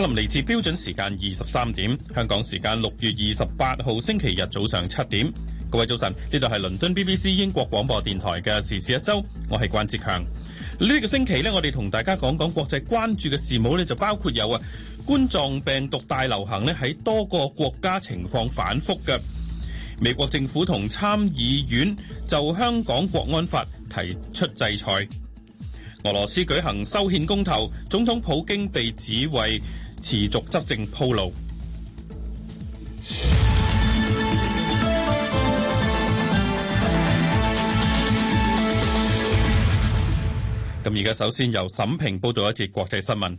格林嚟自標準時間二十三點，香港時間六月二十八號星期日早上七點。各位早晨，呢度係倫敦 BBC 英國廣播電台嘅時事一周，我係關志強。呢、這個星期咧，我哋同大家講講國際關注嘅事務咧，就包括有啊冠狀病毒大流行咧喺多個國家情況反覆嘅。美國政府同參議院就香港國安法提出制裁。俄羅斯舉行修憲公投，總統普京被指為持續執政鋪路。咁而家首先由沈平報道一節國際新聞。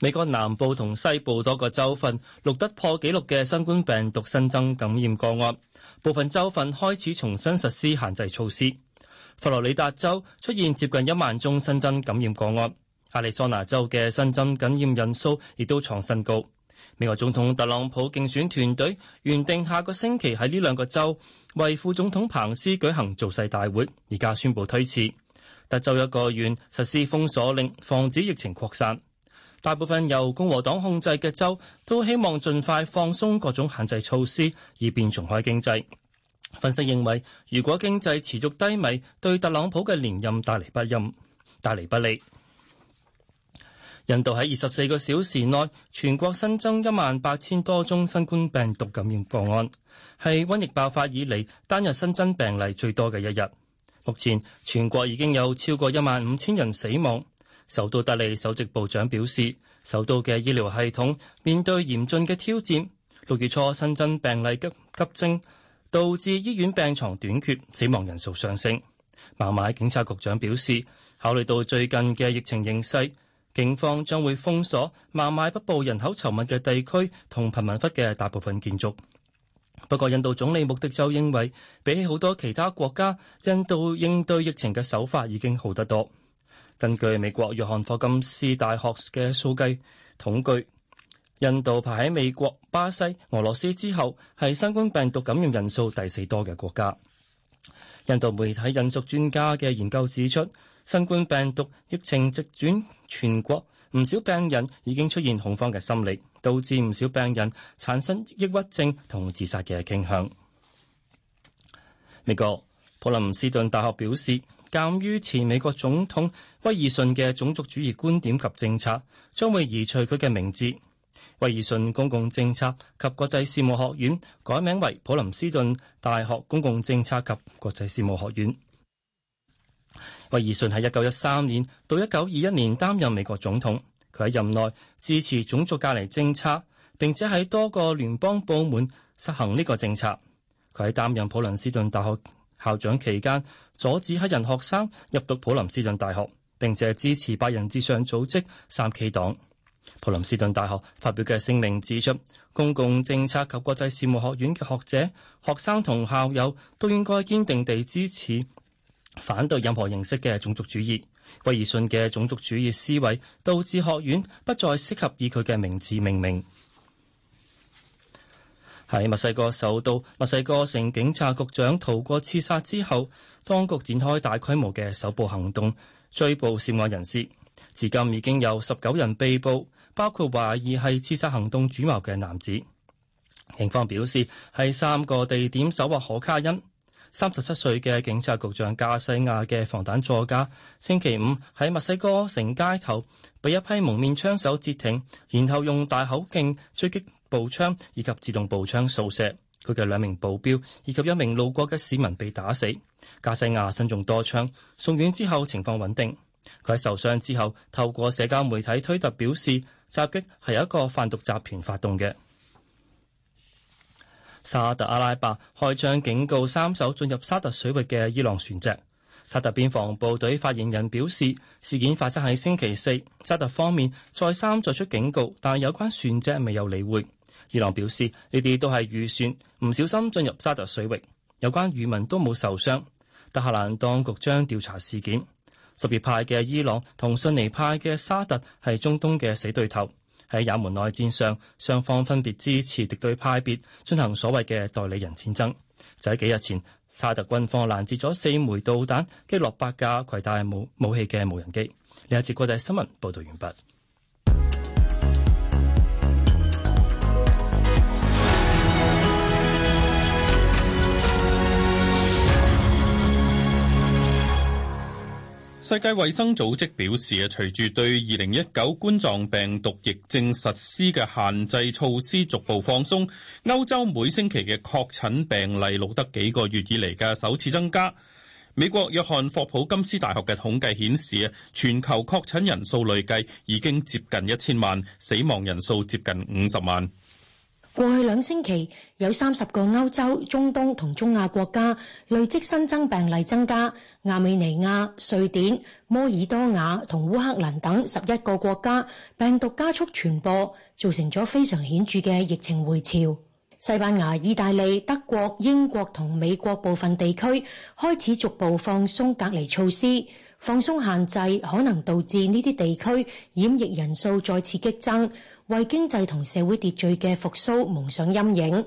美國南部同西部多個州份錄得破紀錄嘅新冠病毒新增感染個案，部分州份開始重新實施限制措施。佛羅里達州出現接近一萬宗新增感染個案。亞利桑拿州嘅新增感染人數亦都創新高。美國總統特朗普競選團隊原定下個星期喺呢兩個州為副總統彭斯舉行造勢大會，而家宣布推遲。德州一個縣實施封鎖令，防止疫情擴散。大部分由共和黨控制嘅州都希望盡快放鬆各種限制措施，以便重開經濟。分析認為，如果經濟持續低迷，對特朗普嘅連任帶嚟不任帶嚟不利。印度喺二十四個小時內全國新增一萬八千多宗新冠病毒感染個案，係瘟疫爆發以嚟單日新增病例最多嘅一日。目前全國已經有超過一萬五千人死亡。首都德里首席部長表示，首都嘅醫療系統面對嚴峻嘅挑戰，六月初新增病例急急增，導致醫院病床短缺，死亡人數上升。孟買警察局長表示，考慮到最近嘅疫情形勢。警方將會封鎖孟買北部人口稠密嘅地區同貧民窟嘅大部分建築。不過，印度總理穆迪就認為，比起好多其他國家，印度應對疫情嘅手法已經好得多。根據美國約翰霍金斯大學嘅數據統計，印度排喺美國、巴西、俄羅斯之後，係新冠病毒感染人數第四多嘅國家。印度媒體引述專家嘅研究指出，新冠病毒疫情席捲全國，唔少病人已經出現恐慌嘅心理，導致唔少病人產生抑鬱症同自殺嘅傾向。美國普林斯頓大學表示，鑒於前美國總統威爾遜嘅種族主義觀點及政策，將會移除佢嘅名字。威爾遜公共政策及國際事務學院改名為普林斯頓大學公共政策及國際事務學院。威爾遜喺一九一三年到一九二一年擔任美國總統，佢喺任內支持種族隔離政策，並且喺多個聯邦部門實行呢個政策。佢喺擔任普林斯頓大學校長期間，阻止黑人學生入讀普林斯頓大學，並且支持白人至上組織三 K 黨。普林斯頓大學發表嘅聲明指出，公共政策及國際事務學院嘅學者、學生同校友都應該堅定地支持。反對任何形式嘅種族主義，威爾遜嘅種族主義思維導致學院不再適合以佢嘅名字命名。喺墨西哥，首都墨西哥城警察局長逃過刺殺之後，當局展開大規模嘅搜捕行動，追捕涉案人士。至今已經有十九人被捕，包括懷疑係刺殺行動主謀嘅男子。警方表示係三個地點搜獲可卡因。三十七歲嘅警察局長加西亞嘅防彈座駕星期五喺墨西哥城街頭被一批蒙面槍手截停，然後用大口徑狙擊步槍以及自動步槍掃射，佢嘅兩名保鏢以及一名路過嘅市民被打死。加西亞身中多槍，送院之後情況穩定。佢喺受傷之後透過社交媒體推特表示，襲擊係由一個販毒集團發動嘅。沙特阿拉伯開槍警告三艘進入沙特水域嘅伊朗船隻。沙特邊防部隊發言人表示，事件發生喺星期四，沙特方面再三作出警告，但有關船隻未有理會。伊朗表示呢啲都係漁船，唔小心進入沙特水域，有關漁民都冇受傷。德黑蘭當局將調查事件。什葉派嘅伊朗同遜尼派嘅沙特係中東嘅死對頭。喺也門內戰上，雙方分別支持敵對派別進行所謂嘅代理人戰爭。就喺幾日前，沙特軍方攔截咗四枚導彈，擊落八架攜帶武武器嘅無人機。呢一節國際新聞報道完畢。世界衛生組織表示啊，隨住對二零一九冠狀病毒疫症實施嘅限制措施逐步放鬆，歐洲每星期嘅確診病例錄得幾個月以嚟嘅首次增加。美國約翰霍普金斯大學嘅統計顯示啊，全球確診人數累計已經接近一千萬，死亡人數接近五十萬。過去兩星期，有三十個歐洲、中東同中亞國家累積新增病例增加。亞美尼亞、瑞典、摩爾多瓦同烏克蘭等十一個國家病毒加速傳播，造成咗非常顯著嘅疫情回潮。西班牙、意大利、德國、英國同美國部分地區開始逐步放鬆隔離措施，放鬆限制可能導致呢啲地區染疫人數再次激增。為經濟同社會秩序嘅復甦蒙上陰影。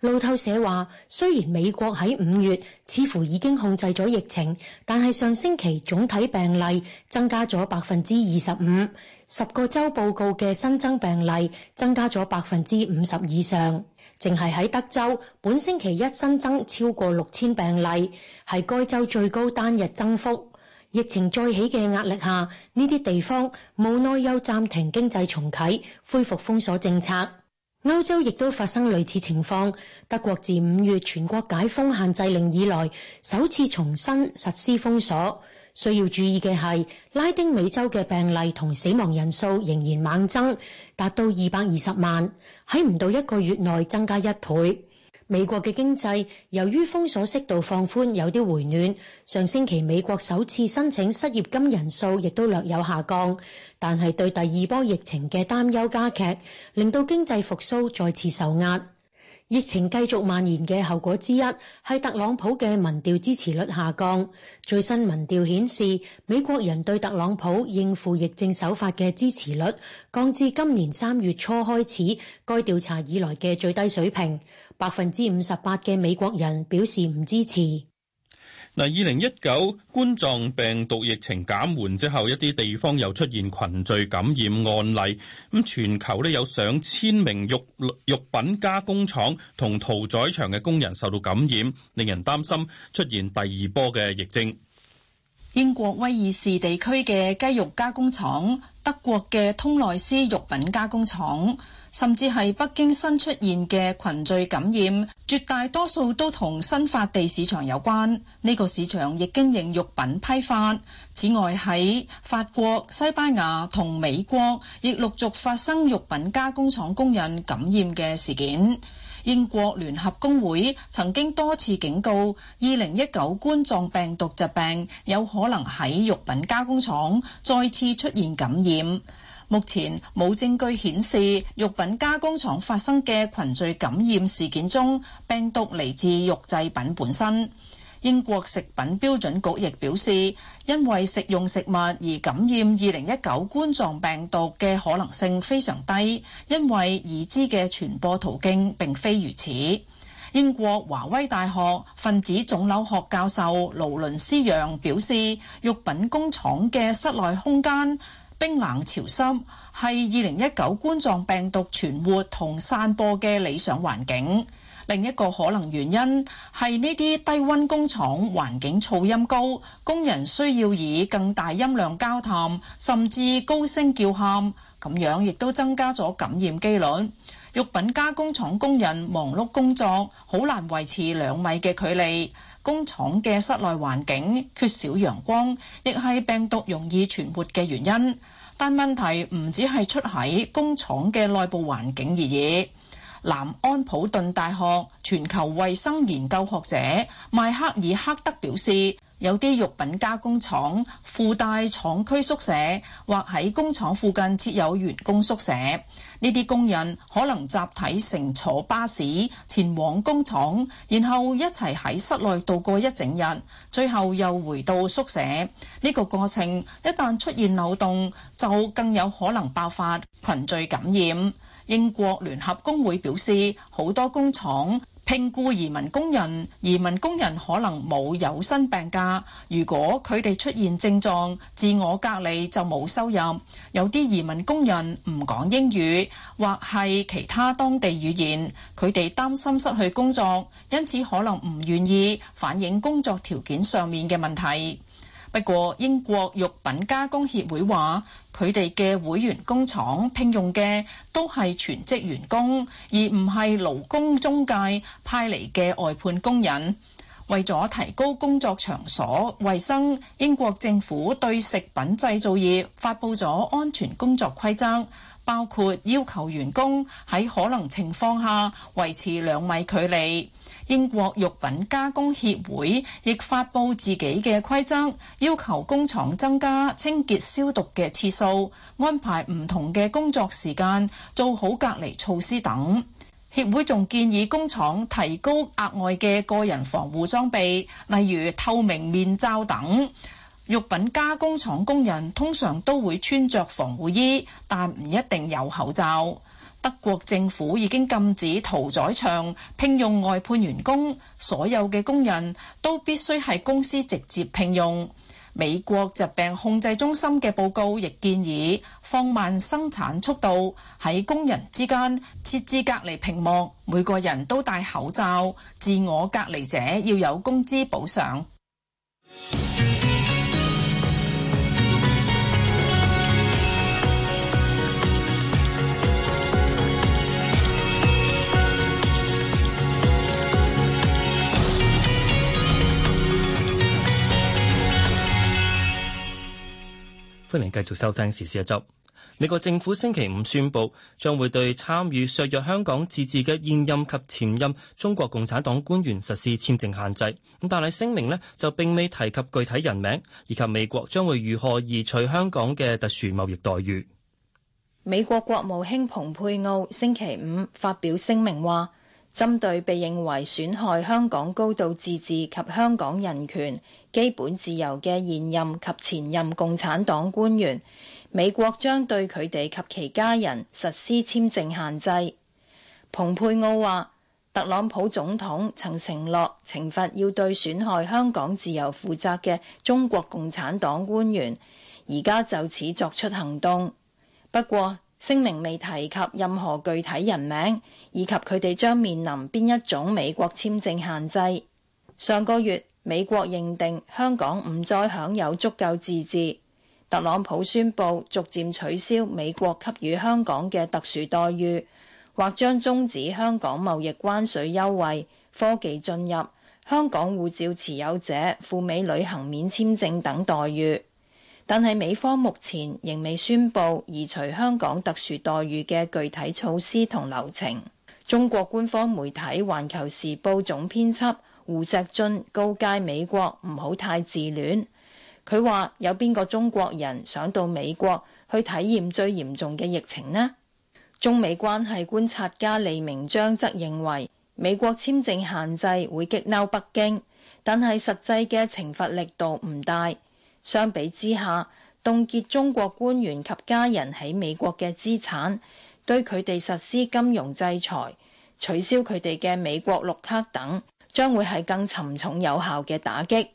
路透社話，雖然美國喺五月似乎已經控制咗疫情，但係上星期總體病例增加咗百分之二十五，十個州報告嘅新增病例增加咗百分之五十以上。淨係喺德州，本星期一新增超過六千病例，係該州最高單日增幅。疫情再起嘅壓力下，呢啲地方冇耐又暫停經濟重啟、恢復封鎖政策。歐洲亦都發生類似情況，德國自五月全國解封限制令以來，首次重新實施封鎖。需要注意嘅係，拉丁美洲嘅病例同死亡人數仍然猛增，達到二百二十萬，喺唔到一個月內增加一倍。美國嘅經濟由於封鎖適度放寬，有啲回暖。上星期美國首次申請失業金人數亦都略有下降，但係對第二波疫情嘅擔憂加劇，令到經濟復甦再次受壓。疫情繼續蔓延嘅後果之一，係特朗普嘅民調支持率下降。最新民調顯示，美國人對特朗普應付疫症手法嘅支持率，降至今年三月初開始該調查以來嘅最低水平。百分之五十八嘅美國人表示唔支持。嗱，二零一九冠狀病毒疫情減緩之後，一啲地方又出現群聚感染案例，咁全球咧有上千名肉肉品加工廠同屠宰場嘅工人受到感染，令人擔心出現第二波嘅疫症。英國威爾士地區嘅雞肉加工廠、德國嘅通內斯肉品加工廠，甚至係北京新出現嘅群聚感染，絕大多數都同新發地市場有關。呢、這個市場亦經營肉品批發。此外，喺法國、西班牙同美國亦陸續發生肉品加工廠工人感染嘅事件。英國聯合工會曾經多次警告，二零一九冠狀病毒疾病有可能喺肉品加工廠再次出現感染。目前冇證據顯示肉品加工廠發生嘅群聚感染事件中，病毒嚟自肉製品本身。英國食品標準局亦表示，因為食用食物而感染二零一九冠狀病毒嘅可能性非常低，因為已知嘅傳播途徑並非如此。英國華威大學分子腫瘤學教授勞倫斯楊表示，肉品工廠嘅室內空間冰冷潮濕，係二零一九冠狀病毒存活同散播嘅理想環境。另一個可能原因係呢啲低溫工廠環境噪音高，工人需要以更大音量交談，甚至高聲叫喊，咁樣亦都增加咗感染機率。肉品加工廠工人忙碌工作，好難維持兩米嘅距離。工廠嘅室內環境缺少陽光，亦係病毒容易存活嘅原因。但問題唔只係出喺工廠嘅內部環境而已。南安普頓大學全球衛生研究學者邁克爾·克德表示，有啲肉品加工廠附帶廠區宿舍，或喺工廠附近設有員工宿舍。呢啲工人可能集體乘坐巴士前往工廠，然後一齊喺室內度過一整日，最後又回到宿舍。呢個過程一旦出現漏洞，就更有可能爆發群聚感染。英國聯合工會表示，好多工廠聘雇移民工人，移民工人可能冇有薪病假。如果佢哋出現症狀，自我隔離就冇收入。有啲移民工人唔講英語或係其他當地語言，佢哋擔心失去工作，因此可能唔願意反映工作條件上面嘅問題。不過，英國肉品加工協會話，佢哋嘅會員工廠聘用嘅都係全職員工，而唔係勞工中介派嚟嘅外判工人。為咗提高工作場所衛生，英國政府對食品製造業發布咗安全工作規則，包括要求員工喺可能情況下維持兩米距離。英國肉品加工協會亦發布自己嘅規則，要求工廠增加清潔消毒嘅次數，安排唔同嘅工作時間，做好隔離措施等。協會仲建議工廠提高額外嘅個人防護裝備，例如透明面罩等。肉品加工廠工人通常都會穿着防護衣，但唔一定有口罩。德國政府已經禁止屠宰場聘用外判員工，所有嘅工人都必須係公司直接聘用。美國疾病控制中心嘅報告亦建議放慢生產速度，喺工人之間設置隔離屏幕，每個人都戴口罩，自我隔離者要有工資補償。歡迎繼續收聽時事一周。美國政府星期五宣布，將會對參與削弱香港自治嘅現任及前任中國共產黨官員實施簽證限制。咁但係聲明呢就並未提及具體人名，以及美國將會如何移除香港嘅特殊貿易待遇。美國國務卿蓬佩奧星期五發表聲明話。針對被認為損害香港高度自治及香港人權、基本自由嘅現任及前任共產黨官員，美國將對佢哋及其家人實施簽證限制。蓬佩奧話：特朗普總統曾承諾懲罰要對損害香港自由負責嘅中國共產黨官員，而家就此作出行動。不過，聲明未提及任何具體人名，以及佢哋將面臨邊一種美國簽證限制。上個月，美國認定香港唔再享有足夠自治，特朗普宣布逐漸取消美國給予香港嘅特殊待遇，或將終止香港貿易關稅優惠、科技進入、香港護照持有者赴美旅行免簽證等待遇。但係美方目前仍未宣布移除香港特殊待遇嘅具體措施同流程。中國官方媒體《環球時報》總編輯胡錫進告誡美國唔好太自戀，佢話有邊個中國人想到美國去體驗最嚴重嘅疫情呢？中美關係觀察家李明章則認為，美國簽證限制會激嬲北京，但係實際嘅懲罰力度唔大。相比之下，凍結中國官員及家人喺美國嘅資產，對佢哋實施金融制裁，取消佢哋嘅美國綠卡等，將會係更沉重有效嘅打擊。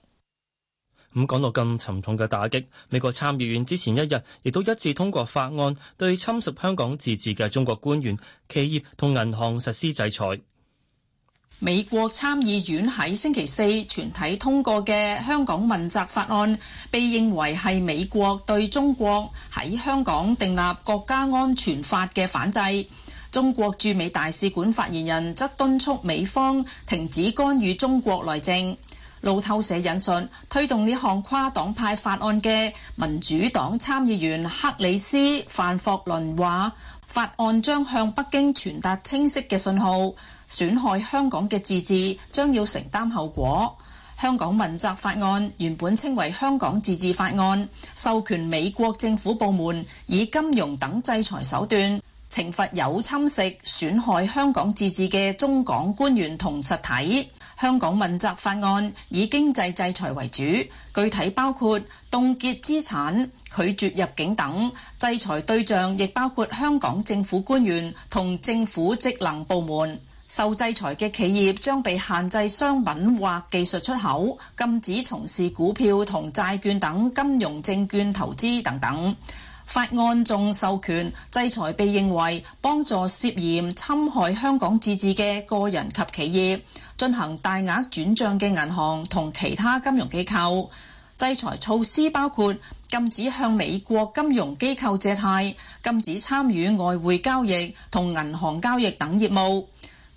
咁講到咁沉重嘅打擊，美國參議院之前一日亦都一致通過法案，對侵蝕香港自治嘅中國官員、企業同銀行實施制裁。美國參議院喺星期四全體通過嘅香港問責法案，被認為係美國對中國喺香港訂立國家安全法嘅反制。中國駐美大使館發言人則敦促美方停止干預中國內政。路透社引述推動呢項跨黨派法案嘅民主黨參議員克里斯范霍倫話，法案將向北京傳達清晰嘅信號。損害香港嘅自治，將要承擔後果。香港問責法案原本稱為香港自治法案，授權美國政府部門以金融等制裁手段懲罰有侵蝕損害香港自治嘅中港官員同實體。香港問責法案以經濟制裁為主，具體包括凍結資產、拒絕入境等。制裁對象亦包括香港政府官員同政府職能部門。受制裁嘅企業將被限制商品或技術出口，禁止從事股票同債券等金融證券投資等等。法案仲授權制裁被認為幫助涉嫌侵害香港自治嘅個人及企業進行大額轉賬嘅銀行同其他金融機構。制裁措施包括禁止向美國金融機構借貸，禁止參與外匯交易同銀行交易等業務。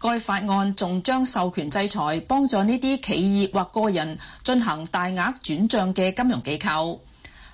該法案仲將授權制裁幫助呢啲企業或個人進行大額轉帳嘅金融機構。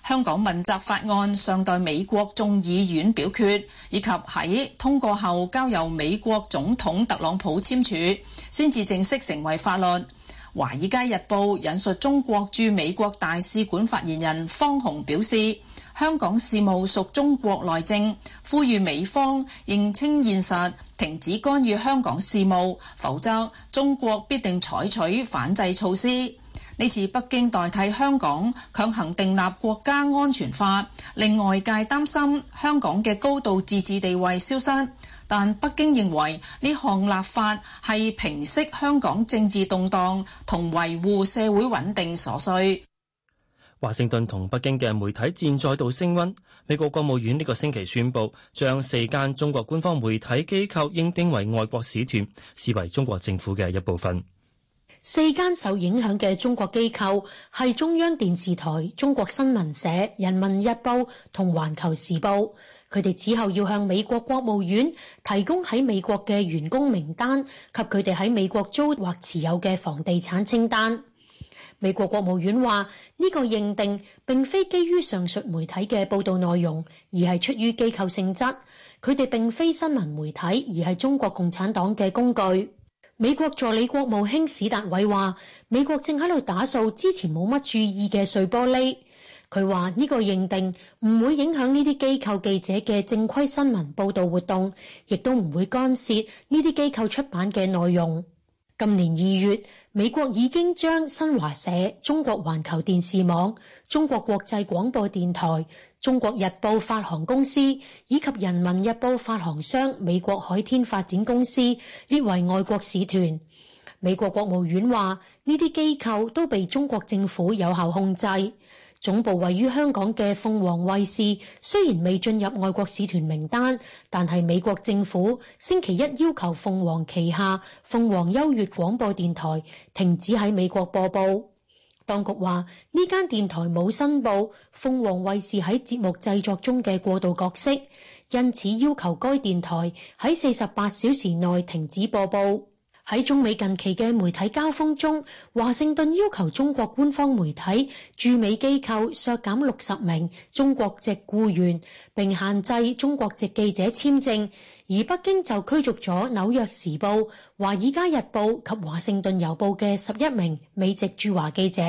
香港問責法案尚待美國眾議院表決，以及喺通過後交由美國總統特朗普簽署，先至正式成為法律。《華爾街日報》引述中國駐美國大使館發言人方鴻表示。香港事務屬中國內政，呼籲美方認清現實，停止干預香港事務，否則中國必定採取反制措施。呢次北京代替香港強行訂立國家安全法，令外界擔心香港嘅高度自治地位消失。但北京認為呢項立法係平息香港政治動盪同維護社會穩定所需。華盛頓同北京嘅媒體戰再度升溫。美國國務院呢個星期宣布，將四間中國官方媒體機構認定為外國使團，視為中國政府嘅一部分。四間受影響嘅中國機構係中央電視台、中國新聞社、人民日報同環球時報。佢哋此後要向美國國務院提供喺美國嘅員工名單及佢哋喺美國租或持有嘅房地產清單。美國國務院話呢個認定並非基於上述媒體嘅報道內容，而係出於機構性質。佢哋並非新聞媒體，而係中國共產黨嘅工具。美國助理國務卿史達偉話，美國正喺度打掃之前冇乜注意嘅碎玻璃。佢話呢個認定唔會影響呢啲機構記者嘅正規新聞報道活動，亦都唔會干涉呢啲機構出版嘅內容。今年二月，美國已經將新華社、中國環球電視網、中國國際廣播電台、中國日報發行公司以及人民日報發行商美國海天發展公司列為外國使團。美國國務院話，呢啲機構都被中國政府有效控制。總部位於香港嘅鳳凰衛視雖然未進入外國使團名單，但係美國政府星期一要求鳳凰旗下鳳凰優越廣播電台停止喺美國播報。當局話呢間電台冇申報鳳凰衛視喺節目製作中嘅過度角色，因此要求該電台喺四十八小時內停止播報。喺中美近期嘅媒體交鋒中，華盛頓要求中國官方媒體駐美機構削減六十名中國籍僱員，並限制中國籍記者簽證；而北京就驅逐咗《紐約時報》、《華爾街日報》及《華盛頓郵報》嘅十一名美籍駐華記者。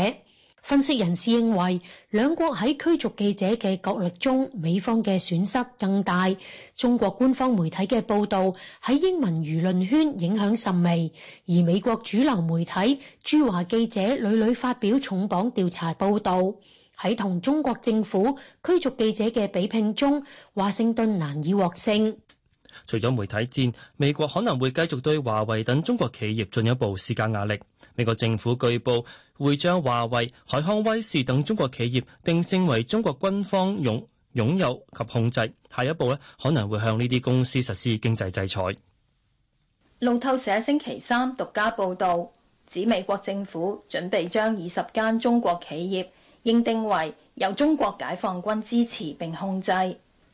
分析人士認為，兩國喺驅逐記者嘅角力中，美方嘅損失更大。中國官方媒體嘅報道喺英文輿論圈影響甚微，而美國主流媒體駐華記者屢屢發表重磅調查報道，喺同中國政府驅逐記者嘅比拼中，華盛頓難以獲勝。除咗媒體戰，美國可能會繼續對華為等中國企業進一步施加壓力。美國政府據報。會將華為、海康威視等中國企業定性為中國軍方擁擁有及控制，下一步咧可能會向呢啲公司實施經濟制裁。路透社星期三獨家報導，指美國政府準備將二十間中國企業認定為由中國解放軍支持並控制，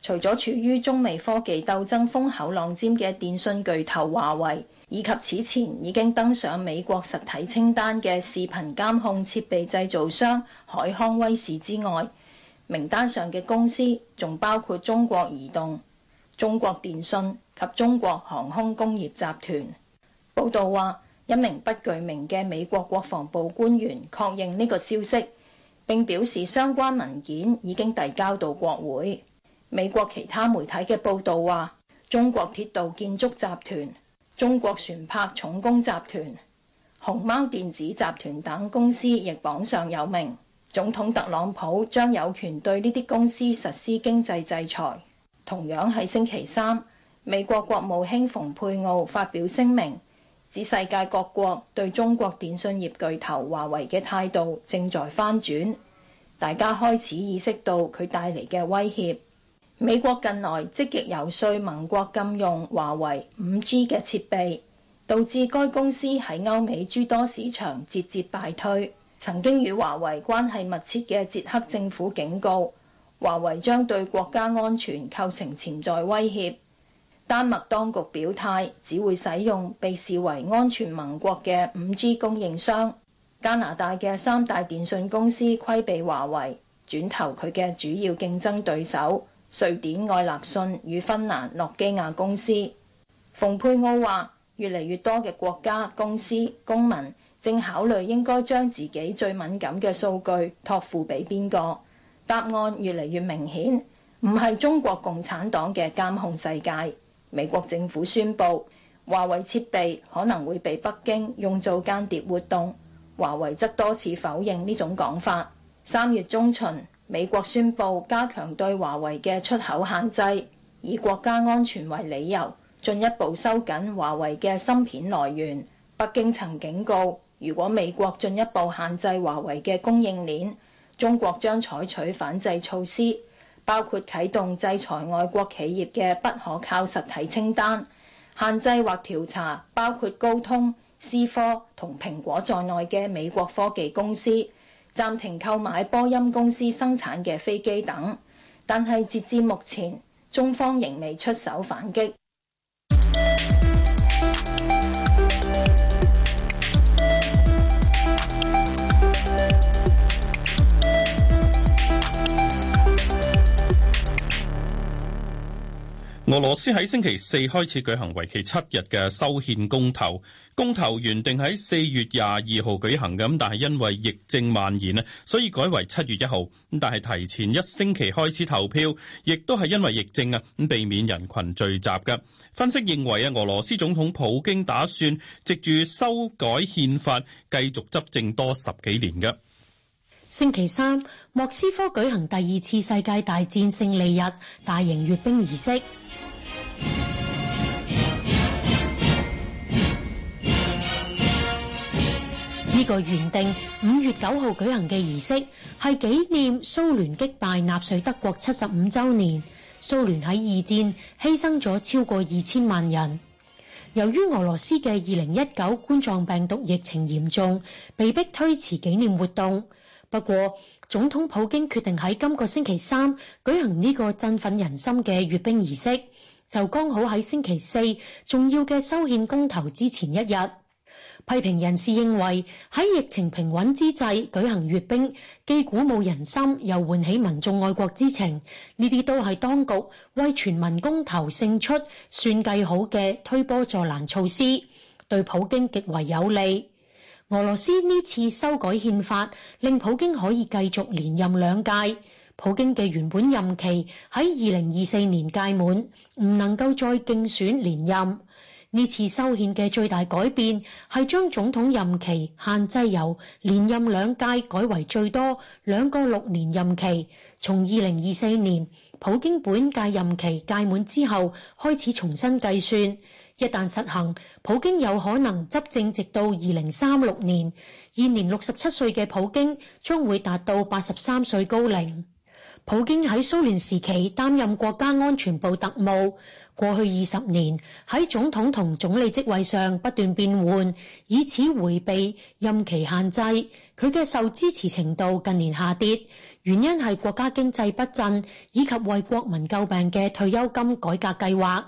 除咗處於中美科技鬥爭風口浪尖嘅電訊巨頭華為，以及此前已經登上美國實體清單嘅視頻監控設備製造商海康威視之外，名單上嘅公司仲包括中國移動、中國電信及中國航空工業集團。報道話，一名不具名嘅美國國防部官員確認呢個消息，並表示相關文件已經遞交到國會，美國其他媒體嘅報道話，中國鐵道建築集團。中國船舶，舶重工集團、熊貓電子集團等公司亦榜上有名。總統特朗普將有權對呢啲公司實施經濟制裁。同樣喺星期三，美國國務卿蓬佩奧發表聲明，指世界各國對中國電信業巨頭華為嘅態度正在翻轉，大家開始意識到佢帶嚟嘅威脅。美國近來積極遊說盟國禁用華為五 G 嘅設備，導致該公司喺歐美諸多市場節節敗退。曾經與華為關係密切嘅捷克政府警告，華為將對國家安全構成潛在威脅。丹麥當局表態只會使用被視為安全盟國嘅五 G 供應商。加拿大嘅三大電訊公司規避華為，轉投佢嘅主要競爭對手。瑞典愛立信與芬蘭諾基亞公司，蓬佩奧話：越嚟越多嘅國家、公司、公民正考慮應該將自己最敏感嘅數據託付俾邊個？答案越嚟越明顯，唔係中國共產黨嘅監控世界。美國政府宣布，華為設備可能會被北京用做間諜活動，華為則多次否認呢種講法。三月中旬，美國宣布加強對華為嘅出口限制，以國家安全為理由，進一步收緊華為嘅芯片來源。北京曾警告，如果美國進一步限制華為嘅供應鏈，中國將採取反制措施，包括啟動制裁外國企業嘅不可靠實體清單，限制或調查包括高通、思科同蘋果在內嘅美國科技公司。暫停購買波音公司生產嘅飛機等，但係截至目前，中方仍未出手反擊。俄羅斯喺星期四開始舉行為期七日嘅修憲公投，公投原定喺四月廿二號舉行嘅，咁但係因為疫症蔓延啊，所以改為七月一號，咁但係提前一星期開始投票，亦都係因為疫症啊，咁避免人群聚集嘅。分析認為啊，俄羅斯總統普京打算藉住修改憲法繼續執政多十幾年嘅。星期三。莫斯科舉行第二次世界大戰勝利日大型閱兵儀式。呢 個原定五月九號舉行嘅儀式，係紀念蘇聯擊敗納粹德國七十五周年。蘇聯喺二戰犧牲咗超過二千萬人。由於俄羅斯嘅二零一九冠狀病毒疫情嚴重，被迫推遲紀念活動。不過，總統普京決定喺今個星期三舉行呢個振奮人心嘅閱兵儀式，就剛好喺星期四重要嘅修憲公投之前一日。批評人士認為，喺疫情平穩之際舉行閱兵，既鼓舞人心，又喚起民眾愛國之情。呢啲都係當局為全民公投勝出算計好嘅推波助瀾措施，對普京極為有利。俄羅斯呢次修改憲法，令普京可以繼續連任兩屆。普京嘅原本任期喺二零二四年屆滿，唔能夠再競選連任。呢次修憲嘅最大改變係將總統任期限制由連任兩屆改為最多兩個六年任期，從二零二四年普京本屆任期屆滿之後開始重新計算。一旦實行，普京有可能執政直到二零三六年。現年六十七歲嘅普京將會達到八十三歲高齡。普京喺蘇聯時期擔任國家安全部特務，過去二十年喺總統同總理職位上不斷變換，以此回避任期限制。佢嘅受支持程度近年下跌，原因係國家經濟不振以及為國民救病嘅退休金改革計劃。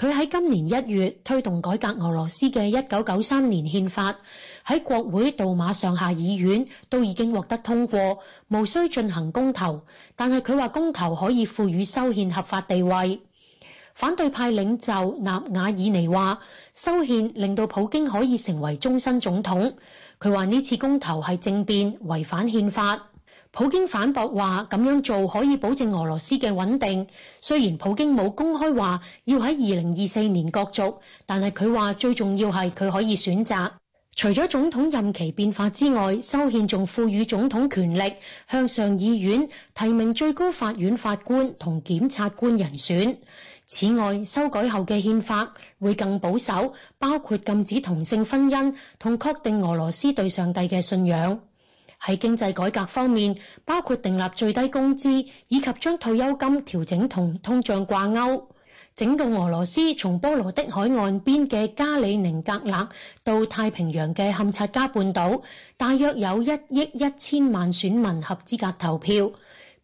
佢喺今年一月推動改革，俄羅斯嘅一九九三年憲法喺國會杜馬上下議院都已經獲得通過，無需進行公投。但係佢話公投可以賦予修憲合法地位。反對派領袖納瓦爾尼話修憲令到普京可以成為終身總統。佢話呢次公投係政變，違反憲法。普京反駁話：咁樣做可以保證俄羅斯嘅穩定。雖然普京冇公開話要喺二零二四年角逐，但係佢話最重要係佢可以選擇。除咗總統任期變化之外，修憲仲賦予總統權力，向上議院提名最高法院法官同檢察官人選。此外，修改後嘅憲法會更保守，包括禁止同性婚姻同確定俄羅斯對上帝嘅信仰。喺經濟改革方面，包括訂立最低工資以及將退休金調整同通脹掛鈎。整個俄羅斯從波羅的海岸邊嘅加里寧格勒到太平洋嘅堪察加半島，大約有一億一千萬選民合資格投票。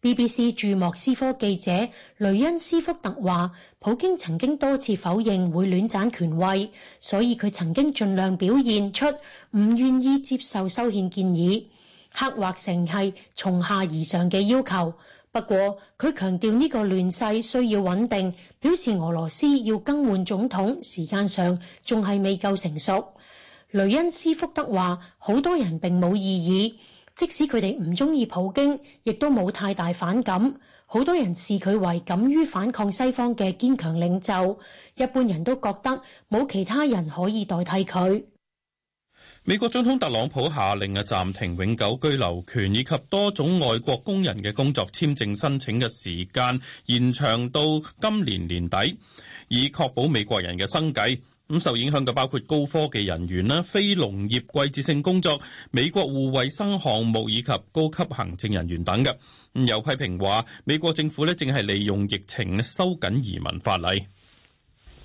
BBC 駐莫斯科記者雷恩斯福特話，普京曾經多次否認會戀棧權位，所以佢曾經盡量表現出唔願意接受修憲建議。刻畫成係從下而上嘅要求，不過，佢強調呢個亂世需要穩定，表示俄羅斯要更換總統，時間上仲係未夠成熟。雷恩斯福德話，好多人並冇異議，即使佢哋唔中意普京，亦都冇太大反感。好多人視佢為敢於反抗西方嘅堅強領袖，一般人都覺得冇其他人可以代替佢。美國總統特朗普下令啊，暫停永久居留權以及多種外國工人嘅工作簽證申請嘅時間，延長到今年年底，以確保美國人嘅生計。咁受影響嘅包括高科技人員啦、非農業季節性工作、美國護衛生項目以及高級行政人員等嘅。有批評話，美國政府咧正係利用疫情收緊移民法例。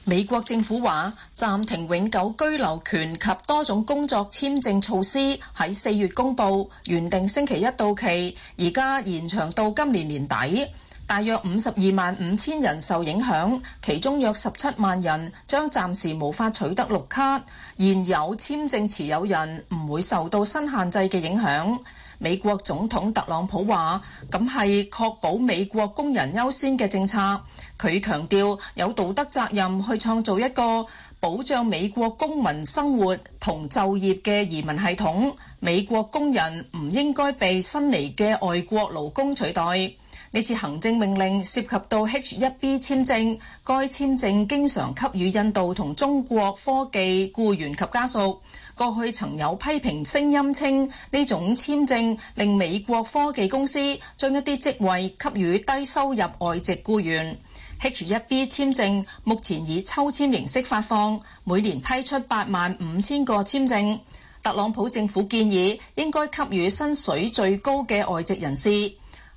美國政府話，暫停永久居留權及多種工作簽證措施喺四月公布，原定星期一到期，而家延長到今年年底，大約五十二萬五千人受影響，其中約十七萬人將暫時無法取得綠卡，現有簽證持有人唔會受到新限制嘅影響。美國總統特朗普話：咁係確保美國工人優先嘅政策。佢強調有道德責任去創造一個保障美國公民生活同就業嘅移民系統。美國工人唔應該被新嚟嘅外國勞工取代。呢次行政命令涉及到 H1B 簽證，該簽證經常給予印度同中國科技僱員及家屬。過去曾有批評聲音稱呢種簽證令美國科技公司將一啲職位給予低收入外籍僱員。1 H1B 簽證目前以抽籤形式發放，每年批出八萬五千個簽證。特朗普政府建議應該給予薪水最高嘅外籍人士。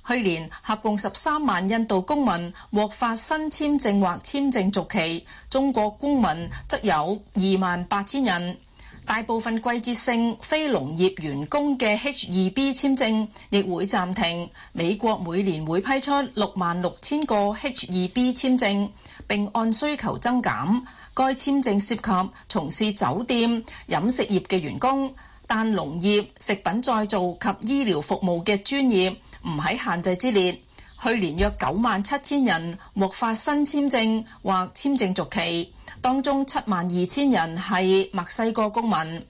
去年合共十三萬印度公民獲發新簽證或簽證續期，中國公民則有二萬八千人。大部分季節性非農業員工嘅 H-2B 簽證亦會暫停。美國每年會批出六萬六千個 H-2B 簽證，並按需求增減。該簽證涉及從事酒店、飲食業嘅員工但，但農業、食品再造及醫療服務嘅專業唔喺限制之列。去年約九萬七千人獲發新簽證或簽證續期。當中七萬二千人係墨西哥公民。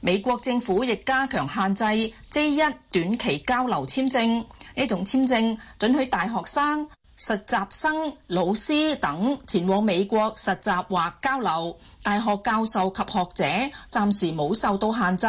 美國政府亦加強限制 J 一短期交流簽證，呢種簽證准許大學生、實習生、老師等前往美國實習或交流。大學教授及學者暫時冇受到限制，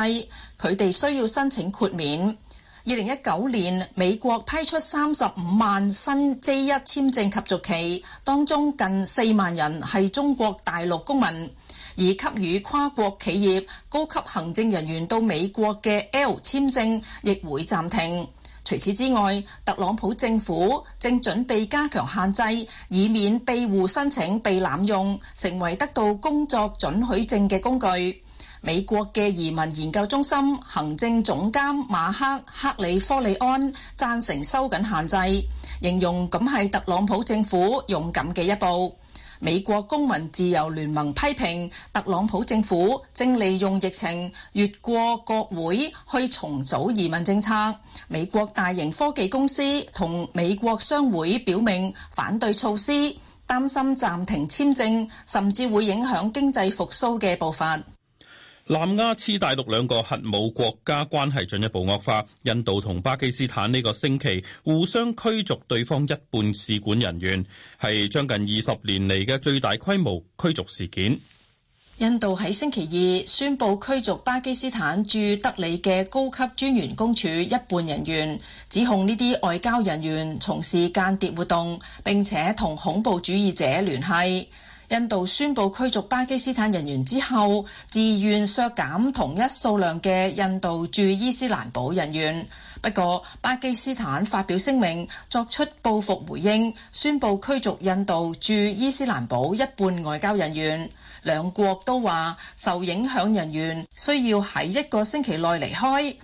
佢哋需要申請豁免。二零一九年，美國批出三十五萬新 J 一簽證及續期，當中近四萬人係中國大陸公民。而給予跨國企業高級行政人員到美國嘅 L 簽證亦會暫停。除此之外，特朗普政府正準備加強限制，以免庇護申請被濫用，成為得到工作准許證嘅工具。美國嘅移民研究中心行政總監馬克克里科利安贊成收緊限制，形容咁係特朗普政府勇敢嘅一步。美國公民自由聯盟批評特朗普政府正利用疫情越過國會去重組移民政策。美國大型科技公司同美國商會表明反對措施，擔心暫停簽證甚至會影響經濟復蘇嘅步伐。南亞次大陸兩個核武國家關係進一步惡化，印度同巴基斯坦呢個星期互相驅逐對方一半使館人員，係將近二十年嚟嘅最大規模驅逐事件。印度喺星期二宣布驅逐巴基斯坦駐德里嘅高級專員公署一半人員，指控呢啲外交人員從事間諜活動，並且同恐怖主義者聯繫。印度宣布驅逐巴基斯坦人員之後，自願削減同一數量嘅印度駐伊斯蘭堡人員。不過，巴基斯坦發表聲明作出報復回應，宣布驅逐印度駐伊斯蘭堡一半外交人員。兩國都話受影響人員需要喺一個星期內離開。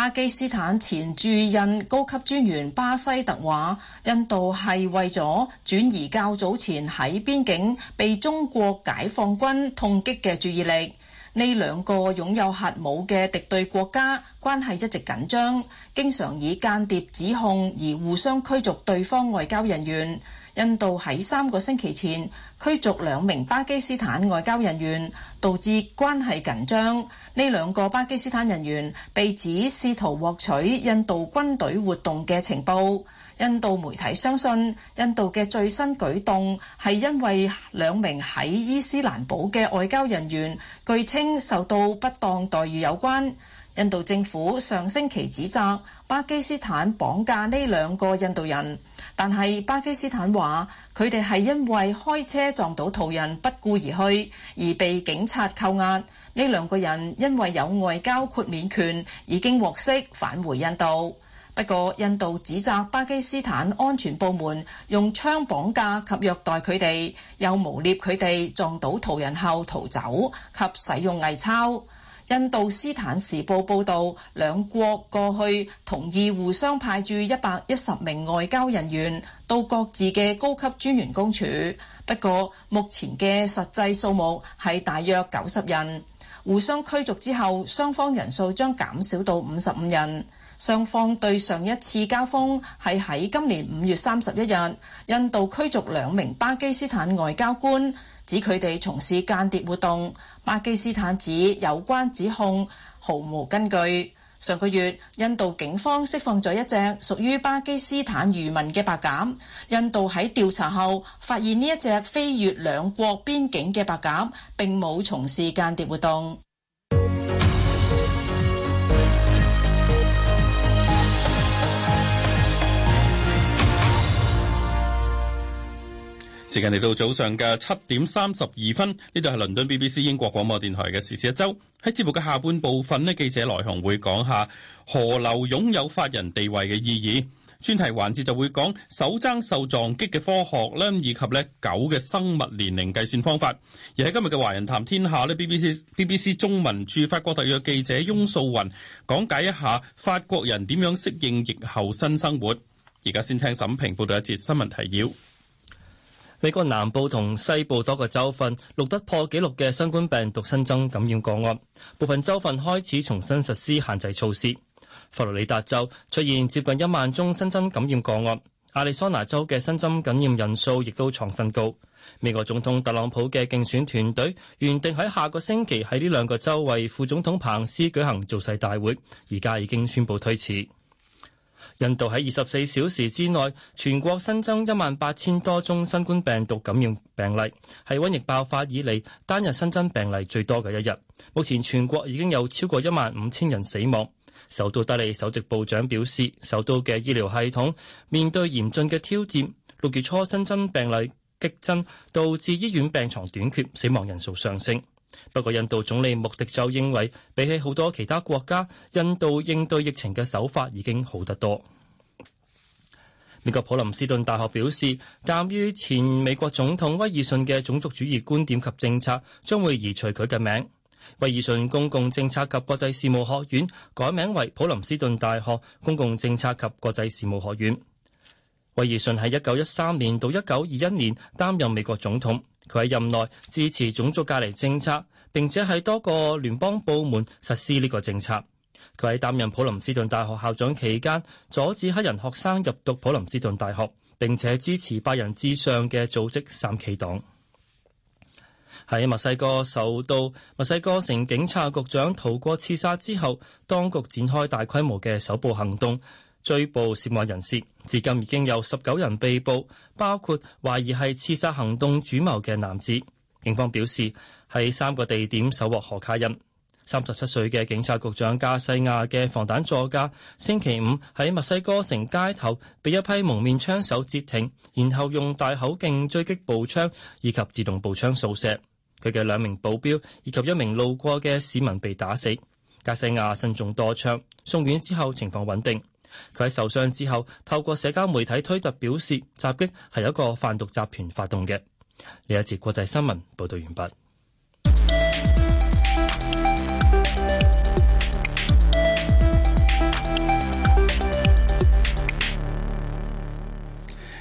巴基斯坦前駐印高級專員巴西特話，印度係為咗轉移較早前喺邊境被中國解放軍痛擊嘅注意力。呢兩個擁有核武嘅敵對國家關係一直緊張，經常以間諜指控而互相驅逐對方外交人員。印度喺三個星期前驅逐兩名巴基斯坦外交人員，導致關係緊張。呢兩個巴基斯坦人員被指試圖獲取印度軍隊活動嘅情報。印度媒體相信，印度嘅最新舉動係因為兩名喺伊斯蘭堡嘅外交人員據稱受到不當待遇有關。印度政府上星期指責巴基斯坦綁架呢兩個印度人。但係巴基斯坦話，佢哋係因為開車撞到途人，不顧而去，而被警察扣押。呢兩個人因為有外交豁免權，已經獲釋返回印度。不過印度指責巴基斯坦安全部門用槍綁架及虐待佢哋，又污蔑佢哋撞到途人後逃走及使用偽鈔。印度斯坦時報報導，兩國過去同意互相派駐一百一十名外交人員到各自嘅高級專員公署，不過目前嘅實際數目係大約九十人。互相驅逐之後，雙方人數將減少到五十五人。雙方對上一次交鋒係喺今年五月三十一日，印度驅逐兩名巴基斯坦外交官。指佢哋從事間諜活動，巴基斯坦指有關指控毫無根據。上個月，印度警方釋放咗一隻屬於巴基斯坦漁民嘅白鴿，印度喺調查後發現呢一隻飛越兩國邊境嘅白鴿並冇從事間諜活動。時間嚟到早上嘅七點三十二分，呢度係倫敦 BBC 英國廣播電台嘅時事一周。喺節目嘅下半部分呢記者來紅會講下河流擁有法人地位嘅意義。專題環節就會講手踭受撞擊嘅科學咧，以及咧狗嘅生物年齡計算方法。而喺今日嘅華人談天下呢 b b c BBC 中文駐法國特約記者翁素雲講解一下法國人點樣適應疫後新生活。而家先聽沈平報道一節新聞提要。美國南部同西部多個州份錄得破紀錄嘅新冠病毒新增感染個案，部分州份開始重新實施限制措施。佛羅里達州出現接近一萬宗新增感染個案，亞利桑那州嘅新增感染人數亦都創新高。美國總統特朗普嘅競選團隊原定喺下個星期喺呢兩個州為副總統彭斯舉行造勢大會，而家已經宣布推遲。印度喺二十四小時之內，全國新增一萬八千多宗新冠病毒感染病例，係瘟疫爆發以嚟單日新增病例最多嘅一日。目前全國已經有超過一萬五千人死亡。首都德里首席部長表示，首都嘅醫療系統面對嚴峻嘅挑戰。六月初新增病例激增，導致醫院病床短缺，死亡人數上升。不過，印度總理莫迪就認為，比起好多其他國家，印度應對疫情嘅手法已經好得多。美國普林斯頓大學表示，鑒於前美國總統威爾遜嘅種族主義觀點及政策，將會移除佢嘅名。威爾遜公共政策及國際事務學院改名為普林斯頓大學公共政策及國際事務學院。威爾遜喺一九一三年到一九二一年擔任美國總統。佢喺任內支持種族隔離政策，並且喺多個聯邦部門實施呢個政策。佢喺擔任普林斯頓大學校長期間，阻止黑人學生入讀普林斯頓大學，並且支持白人至上嘅組織三 K 黨。喺墨西哥，受到墨西哥城警察局長逃過刺殺之後，當局展開大規模嘅搜捕行動。追捕涉案人士，至今已經有十九人被捕，包括懷疑係刺殺行動主謀嘅男子。警方表示喺三個地點搜獲可卡因。三十七歲嘅警察局長加西亞嘅防彈座駕星期五喺墨西哥城街頭被一批蒙面槍手截停，然後用大口徑狙擊步槍以及自動步槍掃射。佢嘅兩名保鏢以及一名路過嘅市民被打死。加西亞身中多槍，送院之後情況穩定。佢喺受傷之後透過社交媒體推特表示，襲擊係由一個販毒集團發動嘅。呢一節國際新聞報道完畢。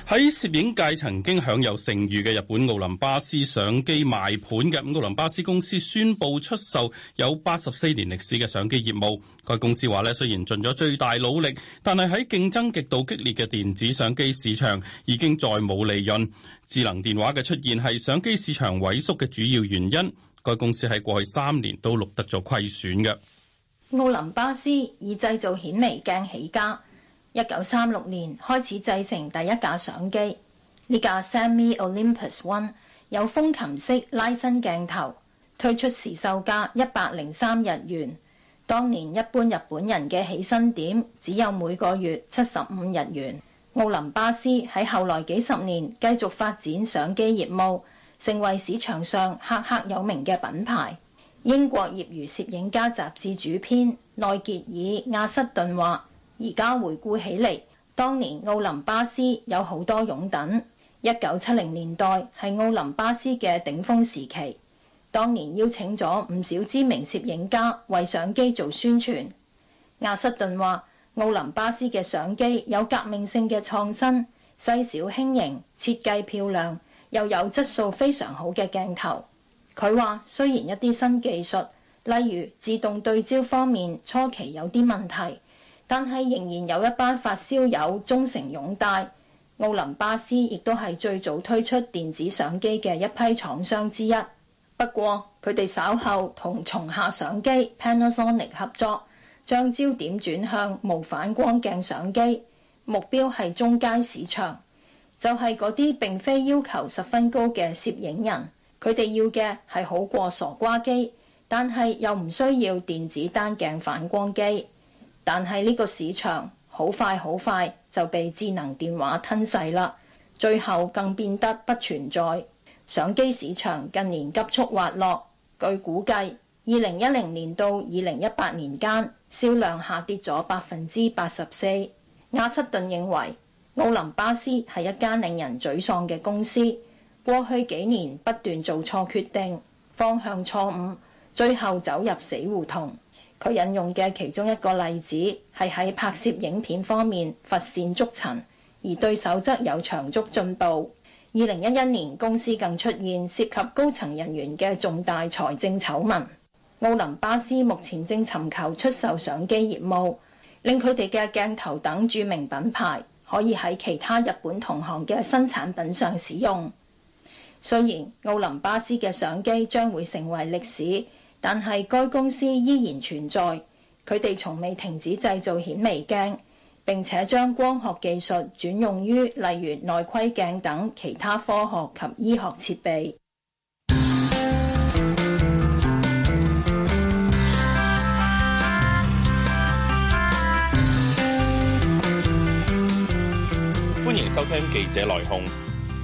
喺攝影界曾經享有盛譽嘅日本奧林巴斯相機賣盤嘅，五奧林巴斯公司宣布出售有八十四年歷史嘅相機業務。該公司話咧，雖然盡咗最大努力，但係喺競爭極度激烈嘅電子相機市場，已經再冇利潤。智能電話嘅出現係相機市場萎縮嘅主要原因。該公司喺過去三年都錄得咗虧損嘅。奧林巴斯以製造顯微鏡起家。一九三六年開始製成第一架相機，呢架 Semi Olympus One 有風琴式拉伸鏡頭，推出時售價一百零三日元。當年一般日本人嘅起薪點只有每個月七十五日元。奧林巴斯喺後來幾十年繼續發展相機業務，成為市場上赫赫有名嘅品牌。英國業餘攝影家雜誌主編奈傑爾亞瑟頓話。而家回顧起嚟，當年奧林巴斯有好多擁躉。一九七零年代係奧林巴斯嘅頂峰時期，當年邀請咗唔少知名攝影家為相機做宣傳。亞瑟頓話：奧林巴斯嘅相機有革命性嘅創新，細小輕盈，設計漂亮，又有質素非常好嘅鏡頭。佢話：雖然一啲新技術，例如自動對焦方面，初期有啲問題。但係仍然有一班發燒友忠誠擁戴，奧林巴斯亦都係最早推出電子相機嘅一批廠商之一。不過佢哋稍後同松下相機 Panasonic 合作，將焦點轉向無反光鏡相機，目標係中階市場，就係嗰啲並非要求十分高嘅攝影人。佢哋要嘅係好過傻瓜機，但係又唔需要電子單鏡反光機。但係呢個市場好快好快就被智能電話吞噬啦，最後更變得不存在。相機市場近年急速滑落，據估計，二零一零年到二零一八年間，銷量下跌咗百分之八十四。亞瑟頓認為奧林巴斯係一間令人沮喪嘅公司，過去幾年不斷做錯決定，方向錯誤，最後走入死胡同。佢引用嘅其中一個例子係喺拍攝影片方面乏善足陳，而對手則有長足進步。二零一一年公司更出現涉及高層人員嘅重大財政醜聞。奧林巴斯目前正尋求出售相機業務，令佢哋嘅鏡頭等著名品牌可以喺其他日本同行嘅新產品上使用。雖然奧林巴斯嘅相機將會成為歷史。但係，該公司依然存在，佢哋從未停止製造顯微鏡，並且將光學技術轉用於例如內窺鏡等其他科學及醫學設備。歡迎收聽《記者來鴻》。